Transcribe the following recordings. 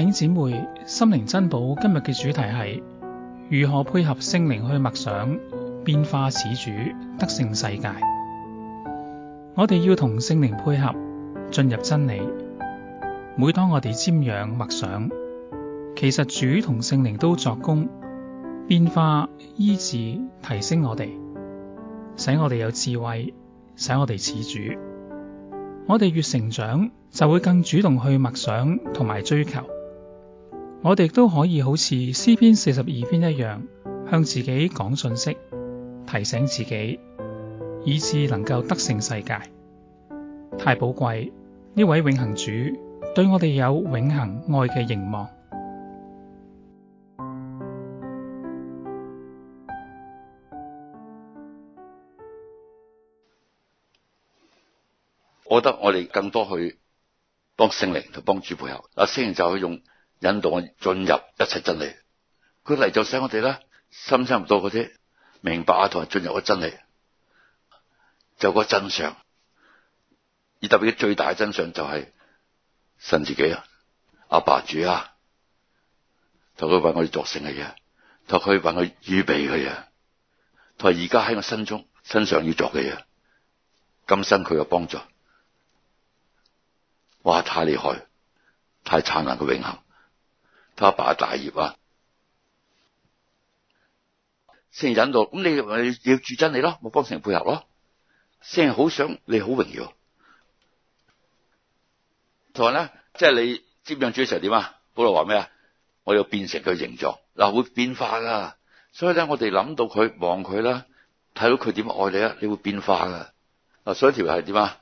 弟兄姐妹，心靈珍寶今日嘅主題係如何配合聖靈去默想，變化似主，得勝世界。我哋要同聖靈配合進入真理。每當我哋瞻仰默想，其實主同聖靈都作功，變化醫治提升我哋，使我哋有智慧，使我哋似主。我哋越成長，就會更主動去默想同埋追求。我哋都可以好似詩篇四十二篇一樣，向自己講信息，提醒自己，以致能夠得勝世界。太寶貴！呢位永恒主對我哋有永恒愛嘅凝望。我覺得我哋更多去幫聖靈同幫主配合。啊，聖靈就去用。引導我進入一切真理，佢嚟，就使我哋啦，心差唔多嗰啲明白啊，同埋進入個真理，就個真相。而特別嘅，最大嘅真相就係神自己啊，阿爸主啊，同佢為我哋作成嘅嘢，同佢為我預備嘅嘢，同而家喺我心中身上要做嘅嘢，今生佢嘅幫助，哇！太厲害，太燦爛嘅永恆。他把大業啊，先引導咁你咪要住真理咯，冇幫成配合咯，先好想你好榮耀。同埋咧，即係你接應主的時點啊？保羅話咩啊？我要變成佢形狀，嗱會變化噶，所以咧我哋諗到佢望佢啦，睇到佢點愛你啊，你會變化噶。所以條係點啊？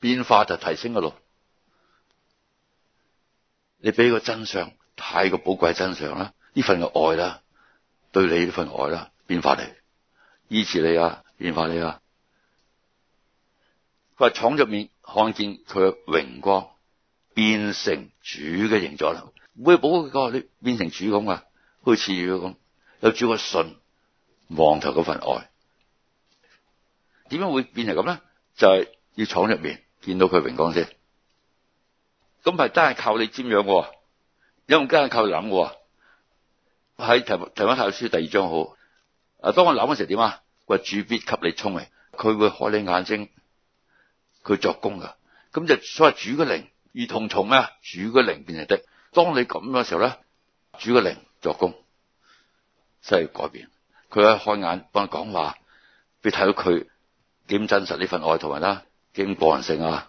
變化就提升嘅路。你俾個真相，太過寶貴真相啦！呢份嘅愛啦，對你呢份愛啦，變化嚟，醫治你啊，變化你啊！佢話廠入面看見佢嘅榮光，變成主嘅形狀啦。會唔會補佢你變成主咁啊，好似似咁。有主嘅信，望頭嗰份愛，點樣會變成咁咧？就係、是、要廠入面見到佢榮光先。咁係真係靠你瞻仰喎，有冇真係靠諗喎？喺《提提摩太，太書》第二章好。啊，當我諗嘅時候點啊？佢主必給你聰明，佢會開你眼睛，佢作工㗎。咁就所謂主個靈，如同從啊，主個靈變成「的。當你咁嘅時候咧，主個靈作工，真係改變。佢一開眼，幫佢講話，你睇到佢點真實呢份愛同人，同埋啦，點個人性啊？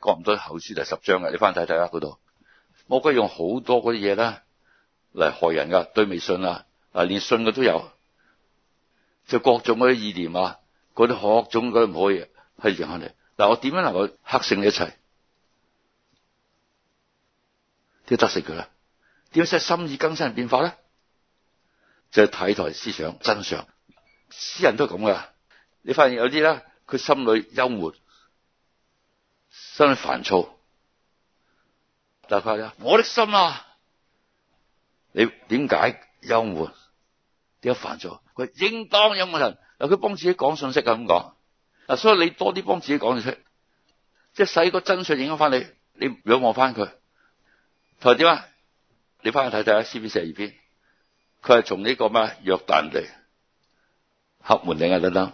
哥林多後書第十章嘅，你翻睇睇啦嗰度。我鬼用好多嗰啲嘢啦嚟害人噶，對未信啦，啊連信嘅都有，就各種嗰啲意念啊，嗰啲各種嗰唔可以係影響嚟。嗱，我點樣能夠克勝呢一切？點得勝佢咧？點使心意更新的變化咧？就睇、是、台思想真相，詩人都係咁噶。你發現有啲咧，佢心裏憂悶。心裏煩躁，大家講啊！我的心啊，你點解憂悶？點解煩躁？佢應當有個人，嗱佢幫自己講信息噶咁講，嗱所以你多啲幫自己講信息，即係使個真相影響翻你，你仰望翻佢，睇下點啊？你翻去睇睇啊！C B 四二 B，佢係從呢個咩約旦地、黑門嶺啊等等，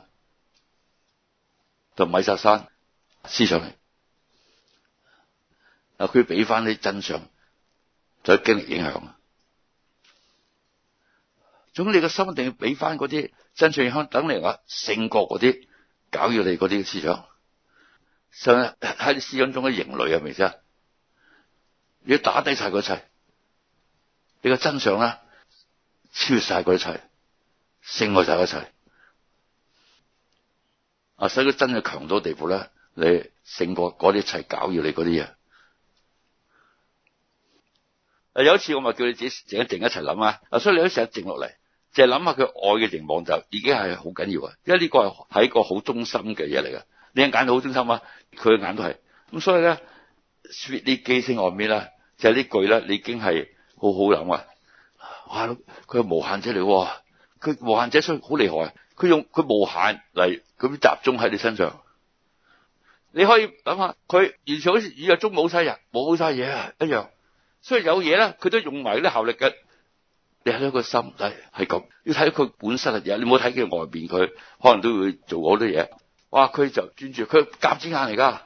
同米薩山思上嚟。啊！佢俾翻啲真相，就經歷影響。總之，你個心一定要俾翻嗰啲真相，影響，等你話勝過嗰啲攪擾你嗰啲思想，上喺思想中嘅營壘啊，咪先？明先？要打低晒嗰一切，你個真相咧，超越晒一切，勝過晒一切。啊！使佢真係強到地步咧，你勝過嗰啲一切攪擾你嗰啲嘢。有一次我咪叫你自己靜一靜一齊諗啊！啊，所以你一時一靜落嚟，淨係諗下佢愛嘅情況就已經係好緊要啊！因為呢個係一個好中心嘅嘢嚟㗎，你眼都好中心啊，佢嘅眼都係。咁所以咧，說你記性外面呢，就係呢句咧，你已經係好好諗啊！係佢佢無限者嚟，佢無限者所以好厲害，佢用佢無限嚟咁集中喺你身上。你可以諗下，佢完全好似宇宙中冇晒人，冇好晒嘢啊，一樣。所以有嘢咧，佢都用埋呢效力嘅。你喺個心底，係咁要睇佢本身嘅嘢。你冇睇佢外邊，佢可能都會做好多嘢。哇！佢就專注，佢夾子眼嚟噶，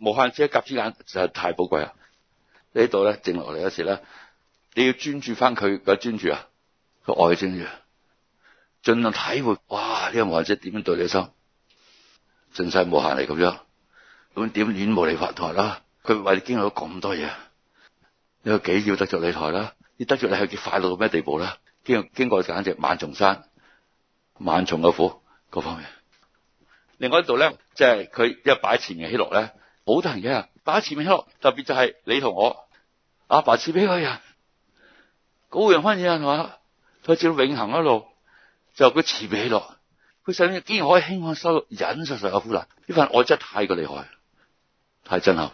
無限者夾子眼實在太寶貴啦。呢度咧，靜落嚟嗰時咧，你要專注翻佢嘅專注啊，佢愛專注，盡量體會哇！呢、這個無限者點樣對你心，盡晒無限嚟咁樣，咁點亂無理發台啦？佢為你經歷咗咁多嘢。你有幾要得着你台啦？你得着你去，要快樂到咩地步啦？經過經過簡直萬重山，萬重嘅苦，各方面。另外、就是、一度咧，即係佢一擺前面起落咧，好多人嘅。擺前面起落，特別就係你同我阿爸慈悲嗰個人，高揚翻嘢係嘛，佢照到永恒一路，就佢慈悲起落，佢上至竟然可以輕看收入，忍受所有苦難，呢份愛真係太過厲害，太震撼。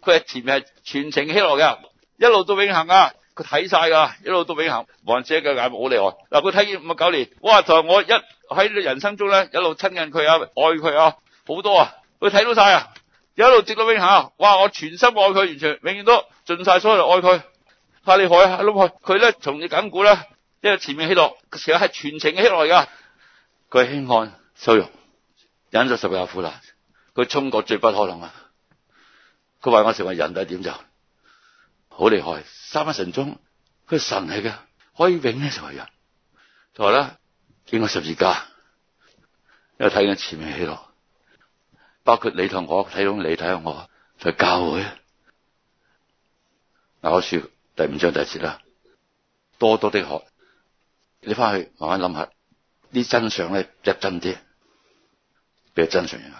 佢係前面係全程起落嘅，一路到永恆啊！佢睇晒噶，一路到永恆。王姐嘅眼好厲害，嗱、啊，佢睇見五十九年，哇！同我一喺人生中咧，一路親近佢啊，愛佢啊，好多啊，佢睇到晒啊，一路直，直到永恆啊！哇，我全心愛佢，完全永遠都盡晒所有愛佢，太厲害啊！老妹，佢咧從你緊股咧，因為前面起落，其實係全程起落噶。佢輕看羞辱，忍咗十架苦難，佢衝過最不可能啊！佢話我成為人第一點就好厲害，三一神中，佢神嚟嘅，可以永呢成為人。就話啦，經過十字架，因睇緊前面去落，包括你同我睇到你睇下我，就教會。嗱，我書第五章第一節啦，多多的學，你翻去慢慢諗下，啲真相咧入真啲，俾真相人。